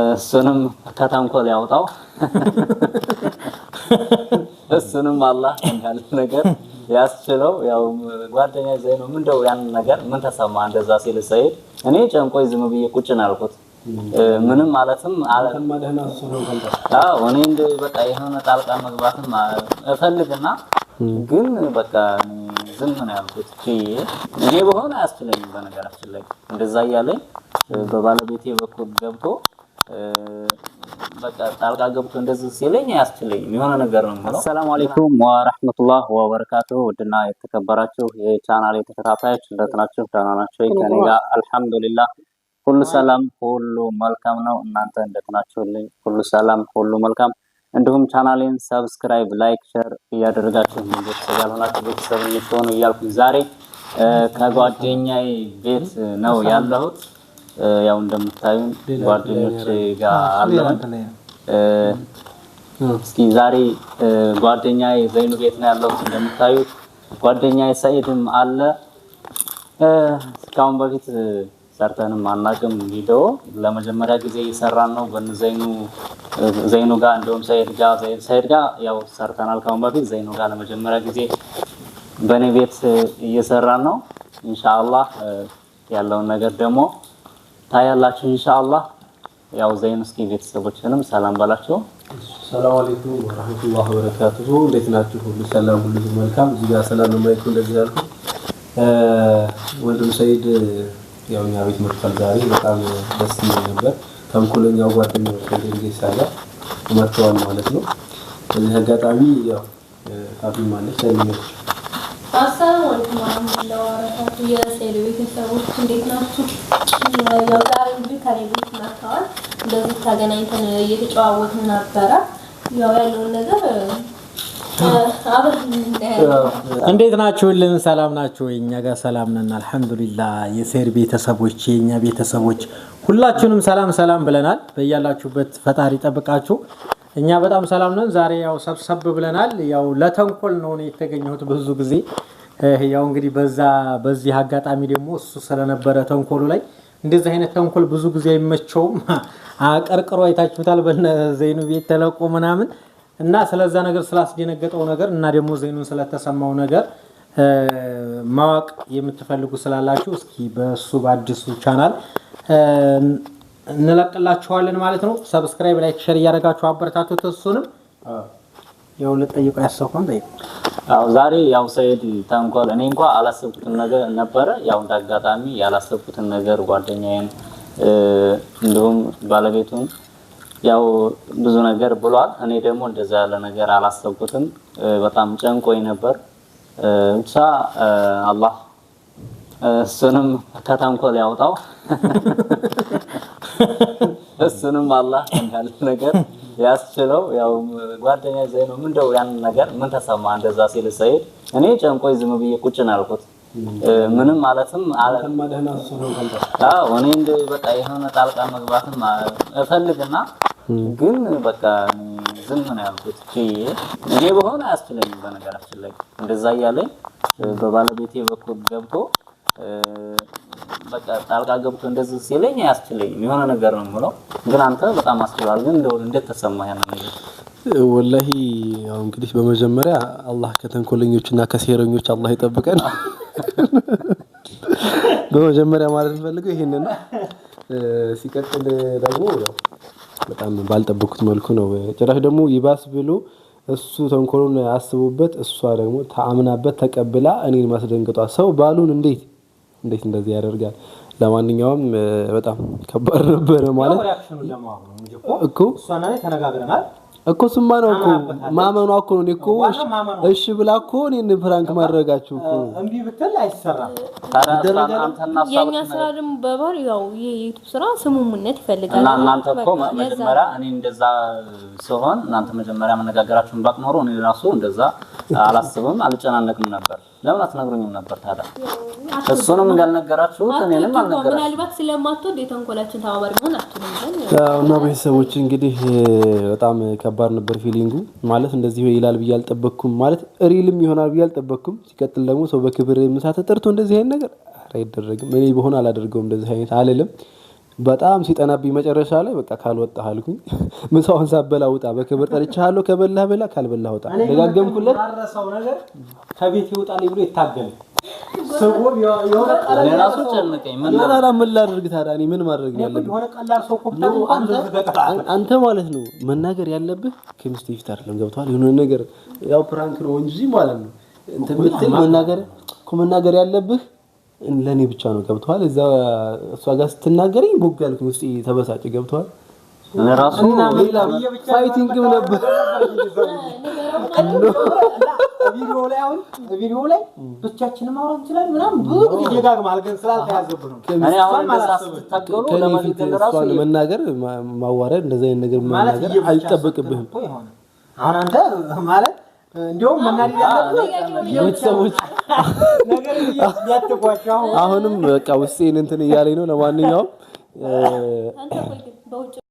እሱንም ከተንኮል ያውጣው። እሱንም አላህ ያለ ነገር ያስችለው። ያው ጓደኛ ዘይ ነው ምንደው ያን ነገር ምን ተሰማ እንደዛ ሲል ሰይድ እኔ ጨንቆይ ዝም ብዬ ቁጭ ነው ያልኩት። ምንም ማለትም አዎ እኔ እንደ በቃ የሆነ ጣልቃ መግባትም እፈልግና ግን በቃ ዝም ነው ያልኩት። እኔ በሆነ አያስችለኝም። በነገራችን ላይ እንደዛ እያለኝ በባለቤቴ በኩል ገብቶ በቃ ጣልቃ ገብቶ እንደዚህ ሲለኝ አያስችለኝም። የሆነ ነገር ነው የምለው። አሰላሙ አሌይኩም ወረሕመቱላህ ወበረካቱሁ። ውድና የተከበራችሁ የቻናል የተከታታዮች እንደት ናችሁ? ደህና ናቸው ከኔ ጋር አልሐምዱሊላህ፣ ሁሉ ሰላም፣ ሁሉ መልካም ነው። እናንተ እንደት ናችሁልኝ? ሁሉ ሰላም፣ ሁሉ መልካም እንዲሁም ቻናሌን ሰብስክራይብ፣ ላይክ፣ ሸር እያደረጋችሁ ቤተሰብ ያልሆናችሁ ቤተሰብ እንድትሆኑ እያልኩ ዛሬ ከጓደኛዬ ቤት ነው ያለሁት። ያው እንደምታዩ ጓደኞች ጋር አለን። እስኪ ዛሬ ጓደኛ ዘይኑ ቤት ነው ያለሁት። እንደምታዩት ጓደኛ ሰኢድም አለ። እስካሁን በፊት ሰርተንም አናውቅም። ቪዲዮ ለመጀመሪያ ጊዜ እየሰራን ነው። በእነ ዘይኑ ዘይኑ ጋር እንደውም ሰኢድ ጋር ሰኢድ ጋር ያው ሰርተናል ካሁን በፊት። ዘይኑ ጋር ለመጀመሪያ ጊዜ በእኔ ቤት እየሰራን ነው። ኢንሻአላህ ያለውን ነገር ደግሞ ታያላችሁ ኢንሻአላህ። ያው ዘይን እስኪ ቤተሰቦችንም ሰላም ባላችሁ። ሰላም አለይኩም ወራህመቱላሂ ወበረካቱሁ። እንዴት ናችሁ? ሁሉ ሰላም፣ ሁሉ መልካም። እዚህ ጋር ሰላም አለይኩም እንደዚህ ያልኩ ወንድም ሰይድ ያው እኛ ቤት መጥቷል። ዛሬ በጣም ደስ የሚል ነበር። ተንኮለኛው ጓደኛው ሰይድ ጌሳ ጋር መጥተዋል ማለት ነው። በዚህ አጋጣሚ ያው አብይ ማለት ቤተሰቦች እንዴት ናችሁ? ያው እንደዚህ ተገናኝተን እየተጨዋወትን ነበረ። ያው ያለውን ነገር እንዴት ናችሁልን? ሰላም ናችሁ? እኛ ጋር ሰላም ነን አልሐምዱሊላ። የሴር ቤተሰቦች የእኛ ቤተሰቦች ሁላችሁንም ሰላም ሰላም ብለናል። በያላችሁበት ፈጣሪ ጠብቃችሁ እኛ በጣም ሰላም ነን። ዛሬ ያው ሰብሰብ ብለናል። ያው ለተንኮል ነው የተገኘሁት ብዙ ጊዜ ያው እንግዲህ በዛ በዚህ አጋጣሚ ደግሞ እሱ ስለነበረ ተንኮሉ ላይ እንደዚህ አይነት ተንኮል ብዙ ጊዜ አይመቸውም። አቀርቅሮ አይታችሁታል በነ ዘይኑ ቤት ተለቆ ምናምን እና ስለዛ ነገር ስላስደነገጠው ነገር እና ደግሞ ዘይኑን ስለተሰማው ነገር ማወቅ የምትፈልጉ ስላላችሁ እስኪ በሱ በአዲሱ ቻናል እንለቅላችኋለን ማለት ነው። ሰብስክራይብ፣ ላይክ፣ ሼር እያደረጋችሁ አበረታቱት። እሱንም ያው ልጠይቁ ያሰብኩን ጠይቁ። ዛሬ ያው ሰይድ ተንኮል እኔ እንኳ አላሰብኩትን ነገር ነበረ። ያው እንዳጋጣሚ ያላሰብኩትን ነገር ጓደኛዬን እንዲሁም ባለቤቱን ያው ብዙ ነገር ብሏል። እኔ ደግሞ እንደዛ ያለ ነገር አላሰብኩትም። በጣም ጨንቆኝ ነበር። ብቻ አላህ እሱንም ከተንኮል ያውጣው። እሱንም አላህ ያለ ነገር ያስችለው። ያው ጓደኛ ዘይ ነው ምንደው ያን ነገር ምን ተሰማ እንደዛ ሲል ሰይድ እኔ ጨንቆይ ዝም ብዬ ቁጭን አልኩት። ምንም ማለትም አዎ እኔ እንደ በቃ የሆነ ጣልቃ መግባትም እፈልግና ግን በቃ ዝም ነው ያልኩት። እኔ በሆነ አያስችለኝም በነገራችን ላይ እንደዛ እያለኝ በባለቤቴ በኩል ገብቶ ጣልቃ ገብቶ እንደዚህ ሲለኝ አያስችለኝም። የሆነ ነገር ነው የምለው። ግን አንተ በጣም አስችላል። ግን እንደው እንዴት ተሰማህ ያን ነገር? ወላሂ ያው እንግዲህ በመጀመሪያ አላህ ከተንኮለኞችና ከሴረኞች አላህ ይጠብቀን። በመጀመሪያ ማለት ፈልገው ይሄንን ሲቀጥል ደግሞ ያው በጣም ባልጠበቅኩት መልኩ ነው። ጭራሽ ደግሞ ይባስ ብሎ እሱ ተንኮሉን አስቦበት እሷ ደግሞ ተአምናበት ተቀብላ እኔን ማስደንግጧ ሰው ባሉን እንዴት እንዴት እንደዚህ ያደርጋል? ለማንኛውም በጣም ከባድ ነበረ ማለት እኮ እኮ ስማ ነው እኮ ማመኗ እኮ ነው። እኮ እሺ ብላ እኮ እኔን ፕራንክ ማድረጋችሁ እኮ እምቢ ብትል አይሰራም። የእኛ ስራ ደግሞ በባህሪ ያው የዩቱብ ስራ ስምምነት ይፈልጋል። እናንተ እኮ መጀመሪያ እኔ እንደዛ ሲሆን እናንተ መጀመሪያ መነጋገራችሁን ባቅ እኔ ራሱ እንደዛ አላስብም አልጨናነቅም ነበር። ለምን አትነግሩኝም ነበር ታዲያ? እሱንም እንዳልነገራችሁ እኔንም አልነገራችሁም። ምናልባት ስለማትወድ የተንኮላችን ተባባሪ መሆን አትችሉም። እና ቤተሰቦች እንግዲህ በጣም ከባድ ነበር ፊሊንጉ። ማለት እንደዚህ ይላል ብዬ አልጠበቅኩም። ማለት ሪልም ይሆናል ብዬ አልጠበቅኩም። ሲቀጥል ደግሞ ሰው በክብር ምሳ ተጠርቶ እንደዚህ አይነት ነገር አይደረግም። እኔ በሆነ አላደርገውም እንደዚህ አይነት አልልም። በጣም ሲጠናብኝ መጨረሻ ላይ በቃ ካልወጣ አልኩኝ። ምሳውን ሳበላ ውጣ፣ በክብር ጠርቻለሁ፣ ከበላ በላ፣ ካልበላ ውጣ። ደጋገምኩለት። ሰው ነገር ከቤት ይውጣል ብሎ ይታገል ምን ላድርግ ታዲያ? እኔ ምን ማድረግ ያለብህ አንተ ማለት ነው። መናገር ያለብህ ከሚስቴ ፊት አይደለም። ገብቶሃል? የሆነ ነገር ያው ፕራንክ ነው እንጂ ማለት ነው እንትን ብትል መናገር ያለብህ ለእኔ ብቻ ነው ገብተዋል። እዛ እሷ ጋር ስትናገረኝ ቦግ ያልኩኝ ውስጥ ተበሳጭ ገብተዋል። ፋይቲንግም ነበር ቪዲዮ ላይ አሁን ቪዲዮ ላይ ብቻችን ማውራት እንችላለን ምናምን ብዙ ጊዜ ደጋግመሃል፣ ግን ስላልተያዘብህ ነው። መናገር ማዋረድ፣ እንደዚህ አይነት ነገር መናገር አይጠበቅብህም። አሁን አንተ ማለት እንዲሁም አሁንም በቃ ውስጤን እንትን እያለኝ ነው። ለማንኛውም